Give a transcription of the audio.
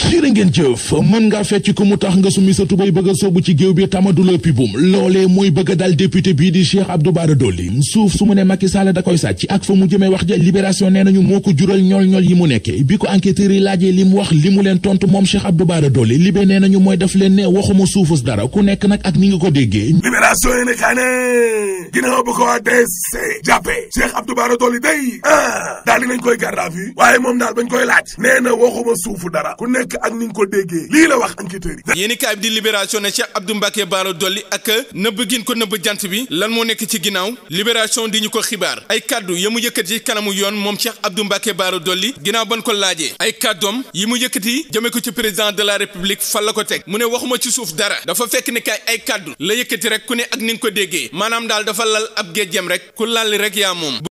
jërë ngeen jëf mën ngaa fecc ko mu tax nga sumi sa tubay bëgg a ci géew bi tamadula pibum loolee mooy bëgg a dal député bii di Cheikh Abdou Bara Dolly suuf su mu ne Macky Sall da koy sàcc ak fa mu jëmee wax ja libération nee nañu moo ko jural ñool ñool yi mu nekke bi ko enquêteurs laajee li mu wax li mu leen tontu moom Cheikh Abdou Bara Dolly libé nee ne waxuma suufus dara nekk nag ak ni nga ko déggee libération yi ne kaa ne ginnaaw bu ko waa DC jàppee Cheikh Abdou Bara Dolly day ah daal dinañ nekk ak ni nga ko lii la wax enquêteurs yi yéeni kaay bi di libération ne Cheikh Abdou Mbacké Bara Dolly ak nëbb gin ko nëbb jant bi lan moo nekk ci ginnaaw libération di ñu ko xibaar ay kàddu ya mu yëkkati kanamu yoon moom Cheikh Abdou Mbacké Bara Dolly ginnaaw ban ko laajee ay kàddoom yi mu yëkkati jëme ko ci président de la république fan la ko teg mu ne waxuma ci suuf dara dafa fekk ne kay ay kàddu la yëkkati rek ku ne ak ni nga ko déggee maanaam daal dafa lal ab géejjam rek ku lalli rek